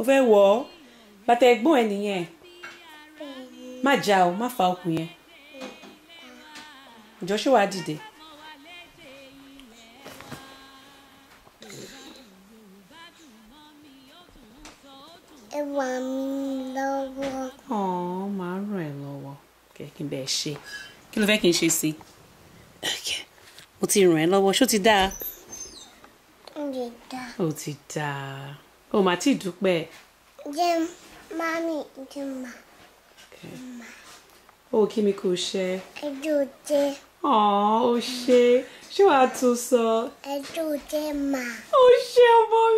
o fẹ́ wọ̀ ọ́ bàtà ẹ̀gbọ́n ẹ nìyẹn má já o má fa okùn yẹn ìjọṣẹ́ wàá dìde. ẹ wà mí lọ́wọ́. ọ̀ọ́ máa ń ràn ẹ́ lọ́wọ́ kí n bẹ́ẹ̀ ṣe kí ló fẹ́ kí n ṣe sí i mo ti ràn ẹ́ lọ́wọ́ ṣó ti dáa. ó ti dáa. ó ti dáa o mà tí dúpẹ́. jẹun mami jẹun ma. o kí mi kò ṣe. ẹjọ́ ò jẹ́. ọ̀ọ́ o ṣe ṣé wàá tún sọ. ẹjọ́ ò jẹ́ mà. o ṣe ọmọ mi.